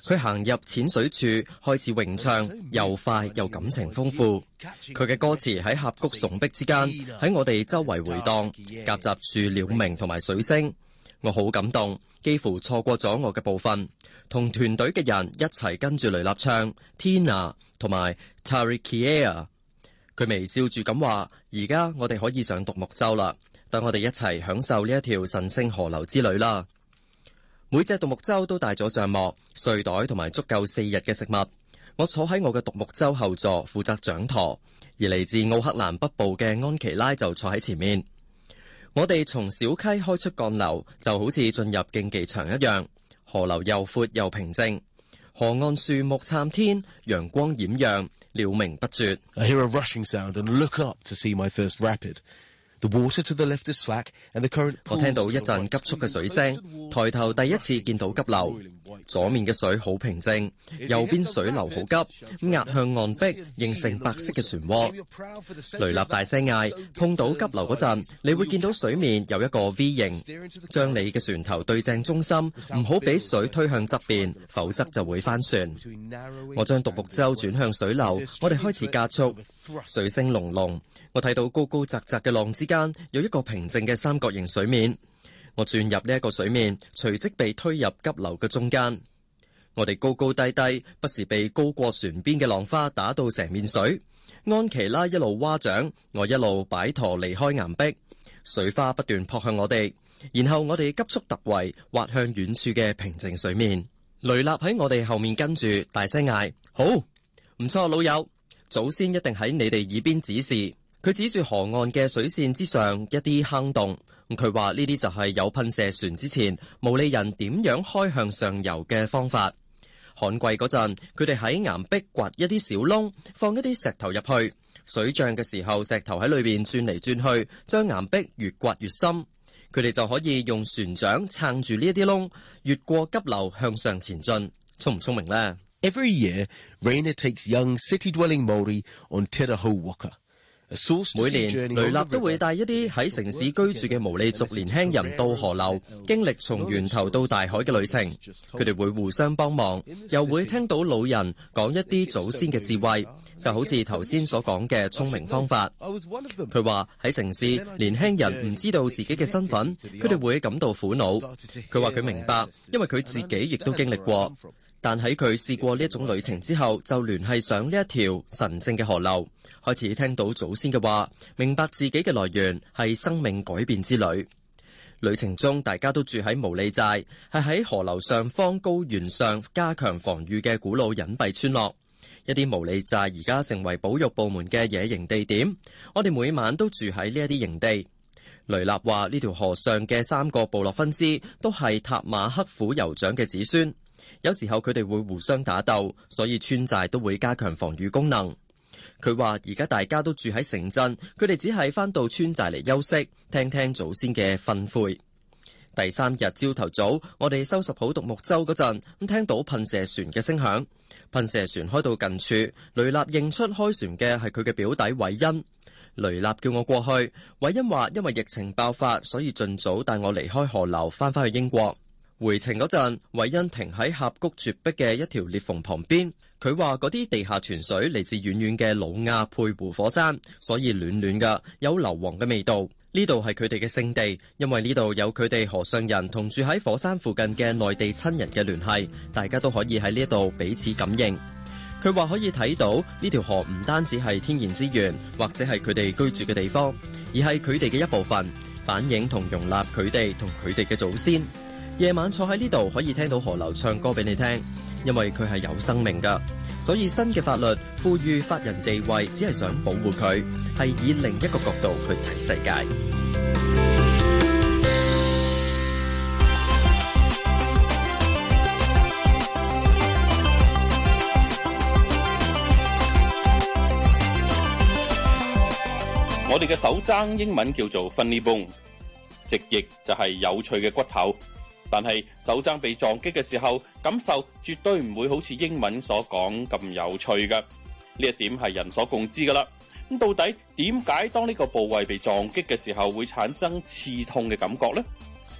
佢行入淺水處，開始詠唱，又快又感情豐富。佢嘅歌詞喺峽谷聳壁之間，喺我哋周圍回蕩，夾雜住鳥鳴同埋水聲。我好感動，幾乎錯過咗我嘅部分。同團隊嘅人一齊跟住雷立唱，Tina 同埋 Tariqia。佢微笑住咁話：而家我哋可以上獨木舟啦，等我哋一齊享受呢一條神聖河流之旅啦。每隻獨木舟都帶咗帳幕、睡袋同埋足夠四日嘅食物。我坐喺我嘅獨木舟後座，負責掌舵，而嚟自奧克蘭北部嘅安琪拉就坐喺前面。我哋從小溪開出幹流，就好似進入競技場一樣。河流又闊又平靜，河岸樹木參天，陽光掩映，鳥鳴不絕。我聽到一陣急速嘅水聲，抬頭第一次見到急流。左面嘅水好平靜，右邊水流好急，壓向岸壁，形成白色嘅旋渦。雷立大聲嗌：碰到急流嗰陣，你會見到水面有一個 V 形，將你嘅船頭對正中心，唔好俾水推向側邊，否則就會翻船。我將獨木舟轉向水流，我哋開始加速，水聲隆隆。我睇到高高窄窄嘅浪之間有一個平靜嘅三角形水面。我轉入呢一個水面，隨即被推入急流嘅中間。我哋高高低低，不時被高過船邊嘅浪花打到成面水。安琪拉一路蛙掌，我一路擺舵離開岩壁，水花不斷撲向我哋，然後我哋急速突圍，滑向遠處嘅平靜水面。雷立喺我哋後面跟住大聲嗌：好唔錯，老友，祖先一定喺你哋耳邊指示。佢指住河岸嘅水線之上一啲坑洞，佢話呢啲就係有噴射船之前毛利人點樣開向上游嘅方法。旱季嗰陣，佢哋喺岩壁掘一啲小窿，放一啲石頭入去，水漲嘅時候，石頭喺裏邊轉嚟轉去，將岩壁越掘越深。佢哋就可以用船槳撐住呢一啲窿，越過急流向上前進，聰唔聰明啦？Every year, Rainer takes young city-dwelling Maori on tidal walkers 每年雷納都會帶一啲喺城市居住嘅毛利族年輕人到河流，經歷從源頭到大海嘅旅程。佢哋會互相幫忙，又會聽到老人講一啲祖先嘅智慧，就好似頭先所講嘅聰明方法。佢話喺城市，年輕人唔知道自己嘅身份，佢哋會感到苦惱。佢話佢明白，因為佢自己亦都經歷過。但喺佢試過呢一種旅程之後，就聯繫上呢一條神聖嘅河流。開始聽到祖先嘅話，明白自己嘅來源係生命改變之旅。旅程中，大家都住喺毛利寨，係喺河流上方高原上加強防禦嘅古老隱蔽村落。一啲毛利寨而家成為保育部門嘅野營地點。我哋每晚都住喺呢一啲營地。雷納話：呢條河上嘅三個部落分支都係塔馬克虎酋長嘅子孫。有時候佢哋會互相打鬥，所以村寨都會加強防禦功能。佢話而家大家都住喺城鎮，佢哋只係返到村寨嚟休息，聽聽祖先嘅訓誨。第三日朝頭早，我哋收拾好獨木舟嗰陣，咁聽到噴射船嘅聲響，噴射船開到近處，雷納認出開船嘅係佢嘅表弟韋恩。雷納叫我過去，韋恩話因為疫情爆發，所以盡早帶我離開河流，翻返去英國。回程嗰陣，偉恩停喺峽谷絕壁嘅一條裂縫旁邊。佢話嗰啲地下泉水嚟自遠遠嘅魯亞佩湖火山，所以暖暖噶，有硫磺嘅味道。呢度係佢哋嘅聖地，因為呢度有佢哋河上人同住喺火山附近嘅內地親人嘅聯繫，大家都可以喺呢一度彼此感應。佢話可以睇到呢條河唔單止係天然資源，或者係佢哋居住嘅地方，而係佢哋嘅一部分，反映同容納佢哋同佢哋嘅祖先。夜晚坐喺呢度可以聽到河流唱歌俾你聽，因為佢係有生命噶，所以新嘅法律賦予法人地位，只係想保護佢，係以另一個角度去睇世界。我哋嘅手踭英文叫做 funny bone，直譯就係有趣嘅骨頭。但係手踭被撞擊嘅時候，感受絕對唔會好似英文所講咁有趣㗎。呢一點係人所共知噶啦。咁到底點解當呢個部位被撞擊嘅時候會產生刺痛嘅感覺呢？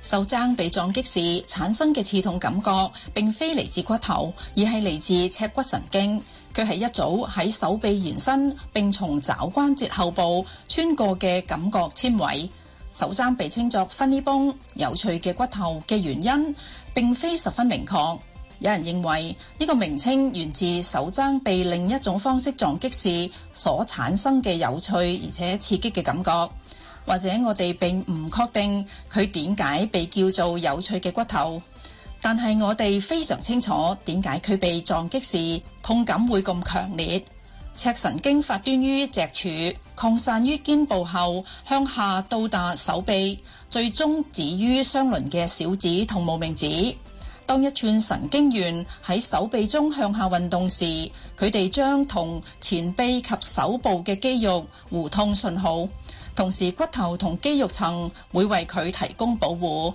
手踭被撞擊時產生嘅刺痛感覺，並非嚟自骨頭，而係嚟自尺骨神經。佢係一組喺手臂延伸並從肘關節後部穿過嘅感覺纖維。手踭被稱作「Funny Bone」有趣嘅骨頭嘅原因並非十分明確，有人認為呢個名稱源自手踭被另一種方式撞擊時所產生嘅有趣而且刺激嘅感覺，或者我哋並唔確定佢點解被叫做有趣嘅骨頭，但係我哋非常清楚點解佢被撞擊時痛感會咁強烈。尺神經發端於脊柱，擴散於肩部後，向下到達手臂，最終止於相鄰嘅小指同無名指。當一串神經元喺手臂中向下運動時，佢哋將同前臂及手部嘅肌肉互通信號，同時骨頭同肌肉層會為佢提供保護。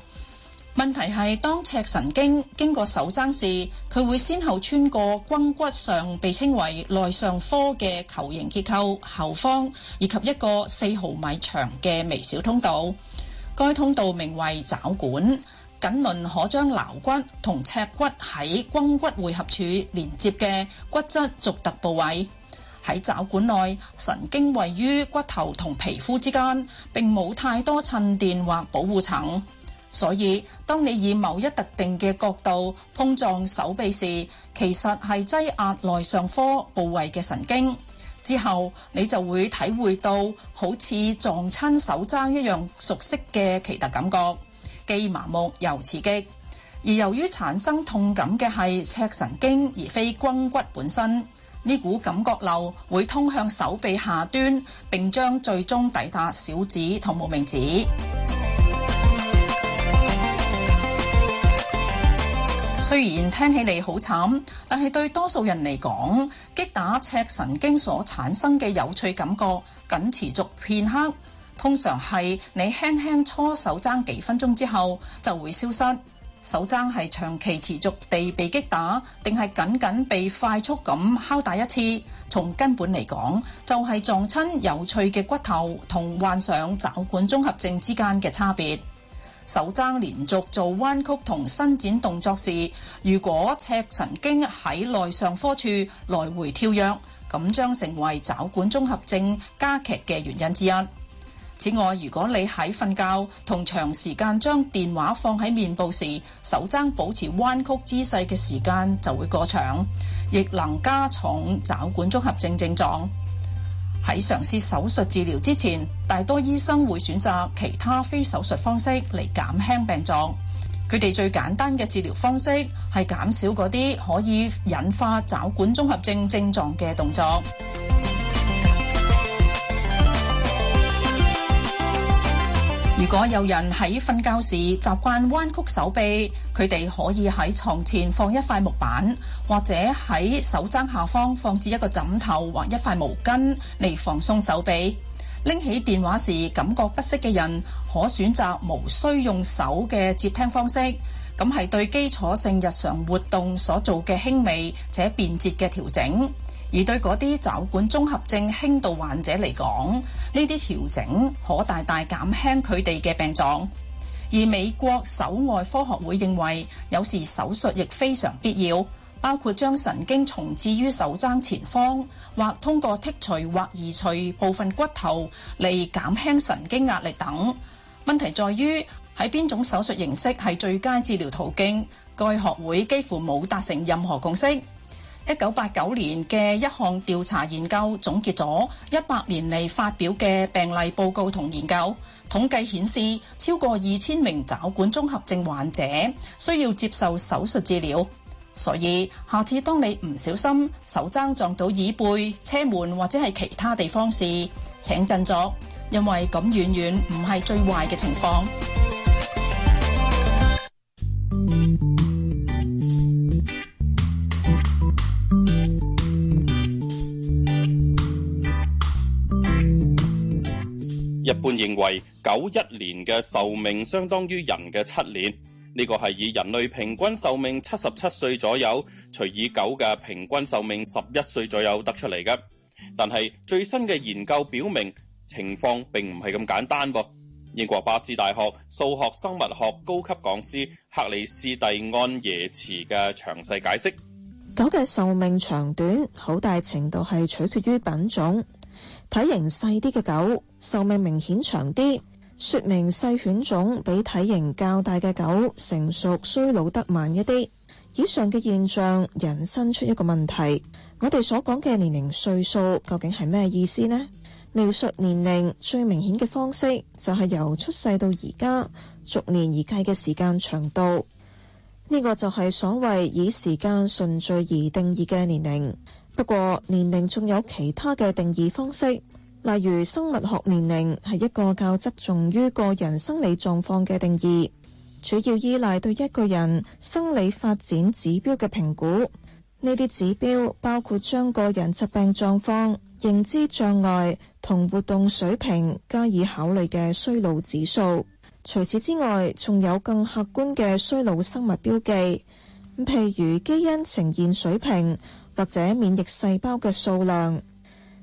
問題係，當尺神經經過手踭時，佢會先後穿過肱骨上被稱為內上髁嘅球形結構後方，以及一個四毫米長嘅微小通道。該通道名為肘管，僅能可將橈骨同尺骨喺肱骨匯合處連接嘅骨質突突部位。喺肘管內，神經位於骨頭同皮膚之間，並冇太多襯墊或保護層。所以，當你以某一特定嘅角度碰撞手臂時，其實係擠壓內上髁部位嘅神經，之後你就會體會到好似撞親手踭一樣熟悉嘅奇特感覺，既麻木又刺激。而由於產生痛感嘅係尺神經，而非肱骨本身，呢股感覺流會通向手臂下端，並將最終抵達小指同無名指。雖然聽起嚟好慘，但係對多數人嚟講，擊打尺神經所產生嘅有趣感覺，僅持續片刻。通常係你輕輕搓手踭幾分鐘之後，就會消失。手踭係長期持續地被擊打，定係僅僅被快速咁敲打一次？從根本嚟講，就係、是、撞親有趣嘅骨頭同患上肘管綜合症之間嘅差別。手踭連續做彎曲同伸展動作時，如果尺神經喺內上科內上髁處來回跳躍，咁將成為肘管綜合症加劇嘅原因之一。此外，如果你喺瞓覺同長時間將電話放喺面部時，手踭保持彎曲姿勢嘅時間就會過長，亦能加重肘管綜合症症狀。喺嘗試手術治療之前，大多醫生會選擇其他非手術方式嚟減輕病狀。佢哋最簡單嘅治療方式係減少嗰啲可以引發肘管綜合症症狀嘅動作。如果有人喺瞓覺時習慣彎曲手臂，佢哋可以喺床前放一塊木板，或者喺手踭下方放置一個枕頭或一塊毛巾嚟放鬆手臂。拎起電話時感覺不適嘅人，可選擇無需用手嘅接聽方式。咁係對基礎性日常活動所做嘅輕微且便捷嘅調整。而對嗰啲肘管綜合症輕度患者嚟講，呢啲調整可大大減輕佢哋嘅病狀。而美國手外科學會認為，有時手術亦非常必要，包括將神經重置於手踭前方，或通過剔除或移除部分骨頭嚟減輕神經壓力等。問題在於喺邊種手術形式係最佳治療途徑？該學會幾乎冇達成任何共識。一九八九年嘅一項調查研究總結咗一百年嚟發表嘅病例報告同研究，統計顯示超過二千名肘管綜合症患者需要接受手術治療。所以下次當你唔小心手踭撞到椅背、車門或者係其他地方時，請振作，因為咁遠遠唔係最壞嘅情況。一般認為，狗一年嘅壽命相當於人嘅七年，呢個係以人類平均壽命七十七歲左右，除以狗嘅平均壽命十一歲左右得出嚟嘅。但係最新嘅研究表明，情況並唔係咁簡單噃。英國巴斯大學數學生物學高級講師克里斯蒂安耶茨嘅詳細解釋：狗嘅壽命長短好大程度係取決於品種。體型細啲嘅狗壽命明顯長啲，說明細犬種比體型較大嘅狗成熟衰老得慢一啲。以上嘅現象引申出一個問題：我哋所講嘅年齡歲數究竟係咩意思呢？描述年齡最明顯嘅方式就係、是、由出世到而家逐年而計嘅時間長度，呢、這個就係所謂以時間順序而定義嘅年齡。不過，年齡仲有其他嘅定義方式，例如生物學年齡係一個較側重於個人生理狀況嘅定義，主要依賴對一個人生理發展指標嘅評估。呢啲指標包括將個人疾病狀況、認知障礙同活動水平加以考慮嘅衰老指數，除此之外，仲有更客觀嘅衰老生物標記，譬如基因呈現水平。或者免疫細胞嘅數量、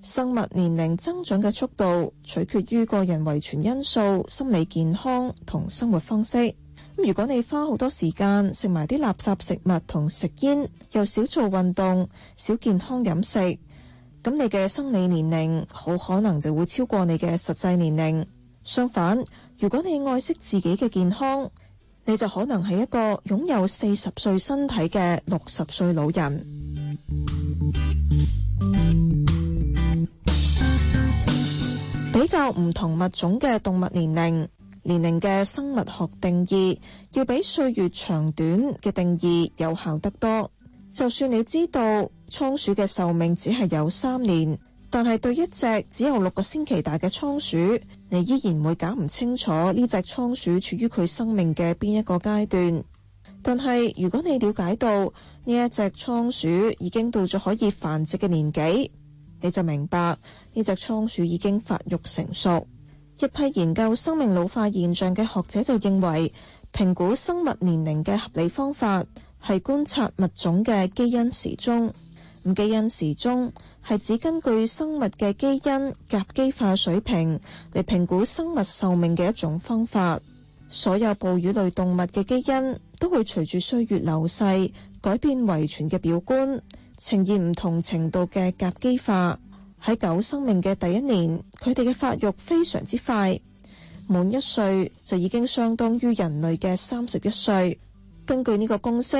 生物年齡增長嘅速度，取決於個人遺傳因素、心理健康同生活方式。如果你花好多時間食埋啲垃圾食物，同食煙，又少做運動，少健康飲食，咁你嘅生理年齡好可能就會超過你嘅實際年齡。相反，如果你愛惜自己嘅健康，你就可能係一個擁有四十歲身體嘅六十歲老人。比較唔同物種嘅動物年齡，年齡嘅生物學定義要比歲月長短嘅定義有效得多。就算你知道倉鼠嘅壽命只係有三年，但係對一隻只有六個星期大嘅倉鼠，你依然會搞唔清楚呢隻倉鼠處於佢生命嘅邊一個階段。但係如果你了解到呢一隻倉鼠已經到咗可以繁殖嘅年紀，你就明白。呢隻倉鼠已經發育成熟。一批研究生命老化現象嘅學者就認為，評估生物年齡嘅合理方法係觀察物種嘅基因時鐘。咁基因時鐘係指根據生物嘅基因甲基化水平嚟評估生物壽命嘅一種方法。所有哺乳類動物嘅基因都會隨住歲月流逝改變遺傳嘅表觀，呈現唔同程度嘅甲基化。喺狗生命嘅第一年，佢哋嘅發育非常之快，滿一歲就已經相當於人類嘅三十一歲。根據呢個公式，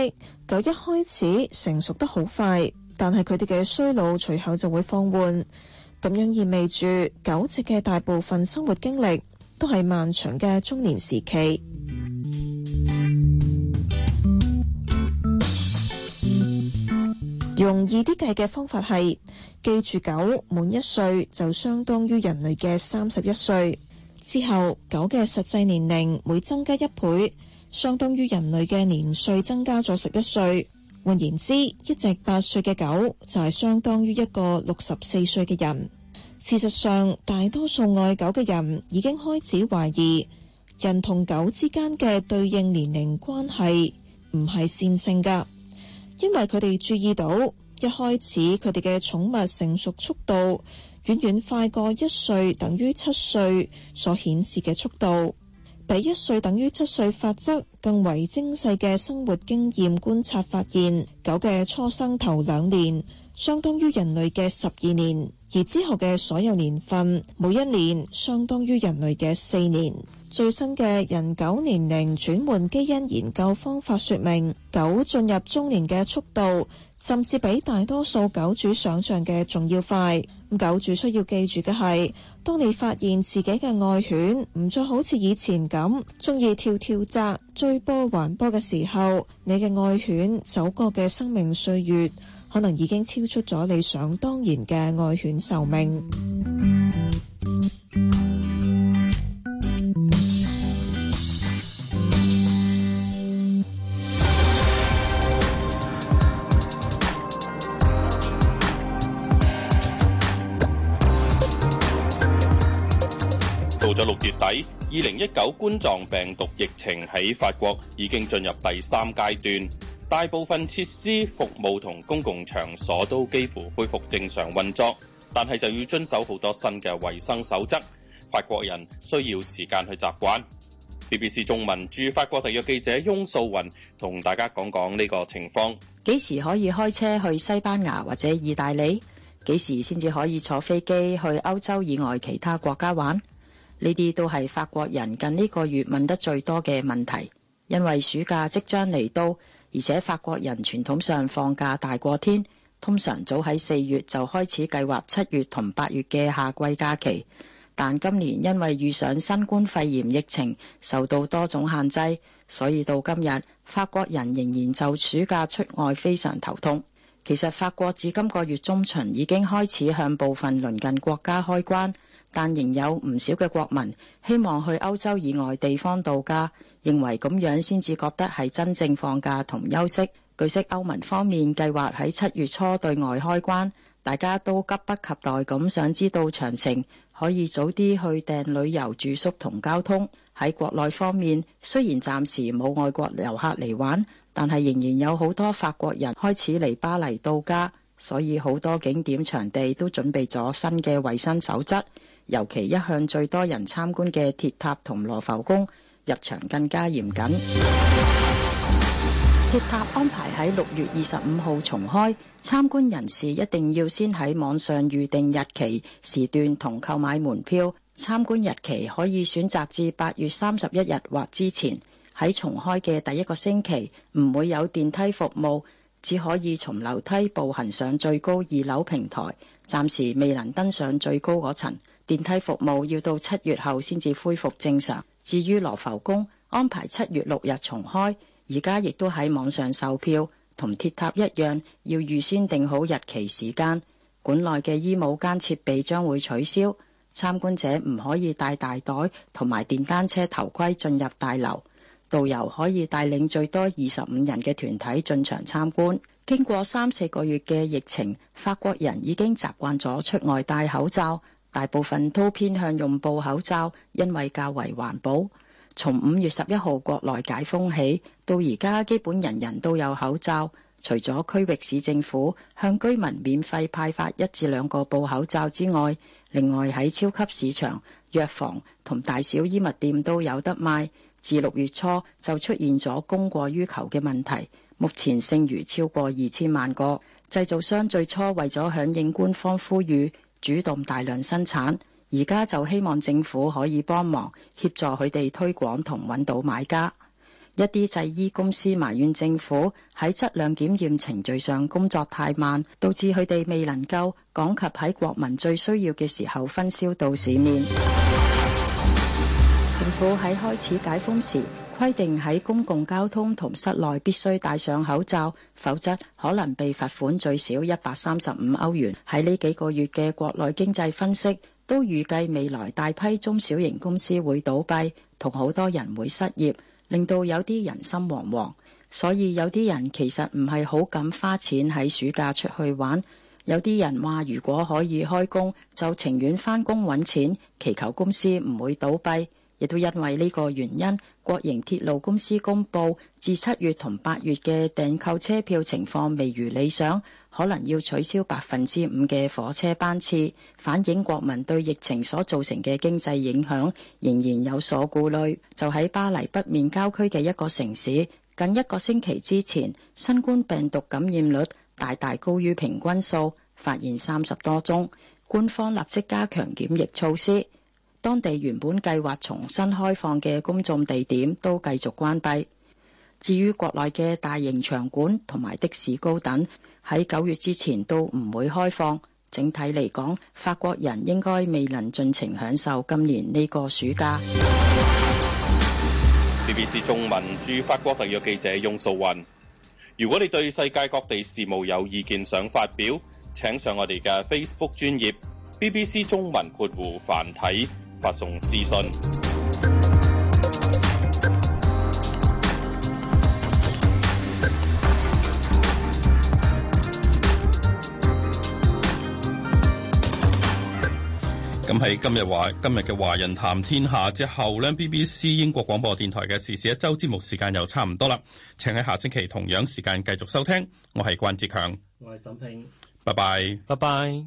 狗一開始成熟得好快，但係佢哋嘅衰老隨後就會放緩。咁樣意味住，狗隻嘅大部分生活經歷都係漫長嘅中年時期。容易啲計嘅方法係記住狗，狗滿一歲就相當於人類嘅三十一歲。之後，狗嘅實際年齡每增加一倍，相當於人類嘅年歲增加咗十一歲。換言之，一隻八歲嘅狗就係相當於一個六十四歲嘅人。事實上，大多數愛狗嘅人已經開始懷疑，人同狗之間嘅對應年齡關係唔係線性㗎。因為佢哋注意到，一開始佢哋嘅寵物成熟速度遠遠快過一歲等於七歲所顯示嘅速度，比一歲等於七歲法則更為精細嘅生活經驗觀察發現，狗嘅初生頭兩年相當於人類嘅十二年，而之後嘅所有年份，每一年相當於人類嘅四年。最新嘅人狗年齡轉換基因研究方法說明，狗進入中年嘅速度，甚至比大多數狗主想象嘅仲要快。咁狗主需要記住嘅係，當你發現自己嘅愛犬唔再好似以前咁中意跳跳紮、追波還波嘅時候，你嘅愛犬走過嘅生命歲月，可能已經超出咗你想當然嘅愛犬壽命。到咗六月底，二零一九冠狀病毒疫情喺法國已經進入第三階段。大部分設施、服務同公共場所都幾乎恢復正常運作，但係就要遵守好多新嘅衛生守則。法國人需要時間去習慣。BBC 中文駐法國特約記者翁素雲同大家講講呢個情況。幾時可以開車去西班牙或者意大利？幾時先至可以坐飛機去歐洲以外其他國家玩？呢啲都係法國人近呢個月問得最多嘅問題，因為暑假即將嚟到，而且法國人傳統上放假大過天，通常早喺四月就開始計劃七月同八月嘅夏季假期。但今年因為遇上新冠肺炎疫情，受到多種限制，所以到今日法國人仍然就暑假出外非常頭痛。其實法國至今個月中旬已經開始向部分鄰近國家開關。但仍有唔少嘅國民希望去歐洲以外地方度假，認為咁樣先至覺得係真正放假同休息。據悉，歐盟方面計劃喺七月初對外開關，大家都急不及待咁想知道詳情，可以早啲去訂旅遊住宿同交通。喺國內方面，雖然暫時冇外國遊客嚟玩，但係仍然有好多法國人開始嚟巴黎度假，所以好多景點場地都準備咗新嘅衛生守則。尤其一向最多人參觀嘅鐵塔同羅浮宮入場更加嚴謹。鐵塔安排喺六月二十五號重開，參觀人士一定要先喺網上預訂日期、時段同購買門票。參觀日期可以選擇至八月三十一日或之前。喺重開嘅第一個星期，唔會有電梯服務，只可以從樓梯步行上最高二樓平台。暫時未能登上最高嗰層。電梯服務要到七月後先至恢復正常。至於羅浮宮安排七月六日重開，而家亦都喺網上售票，同鐵塔一樣要預先訂好日期時間。館內嘅衣帽間設備將會取消，參觀者唔可以帶大袋同埋電單車頭盔進入大樓。導遊可以帶領最多二十五人嘅團體進場參觀。經過三四個月嘅疫情，法國人已經習慣咗出外戴口罩。大部分都偏向用布口罩，因為較為環保。從五月十一號國內解封起，到而家，基本人人都有口罩。除咗區域市政府向居民免費派發一至兩個布口罩之外，另外喺超級市場、藥房同大小衣物店都有得賣。自六月初就出現咗供過於求嘅問題，目前剩餘超過二千萬個。製造商最初為咗響應官方呼籲。主動大量生產，而家就希望政府可以幫忙協助佢哋推廣同揾到買家。一啲製衣公司埋怨政府喺質量檢驗程序上工作太慢，導致佢哋未能夠趕及喺國民最需要嘅時候分銷到市面。政府喺開始解封時，規定喺公共交通同室內必須戴上口罩，否則可能被罰款最少一百三十五歐元。喺呢幾個月嘅國內經濟分析，都預計未來大批中小型公司會倒閉，同好多人會失業，令到有啲人心惶惶。所以有啲人其實唔係好敢花錢喺暑假出去玩，有啲人話如果可以開工，就情願翻工揾錢，祈求公司唔會倒閉。亦都因為呢個原因，國營鐵路公司公布至七月同八月嘅訂購車票情況未如理想，可能要取消百分之五嘅火車班次，反映國民對疫情所造成嘅經濟影響仍然有所顧慮。就喺巴黎北面郊區嘅一個城市，近一個星期之前，新冠病毒感染率大大高於平均數，發現三十多宗，官方立即加強檢疫措施。當地原本計劃重新開放嘅公眾地點都繼續關閉。至於國內嘅大型場館同埋的士高等，喺九月之前都唔會開放。整體嚟講，法國人應該未能盡情享受今年呢個暑假。BBC 中文駐法國特約記者雍素雲，如果你對世界各地事務有意見想發表，請上我哋嘅 Facebook 專頁。BBC 中文括弧繁體。發送私信。咁係 今日華今日嘅華人談天下之後呢 b b c 英國廣播電台嘅時事一周節目時間又差唔多啦，請喺下星期同樣時間繼續收聽。我係關志強，我係沈平，拜拜，拜拜。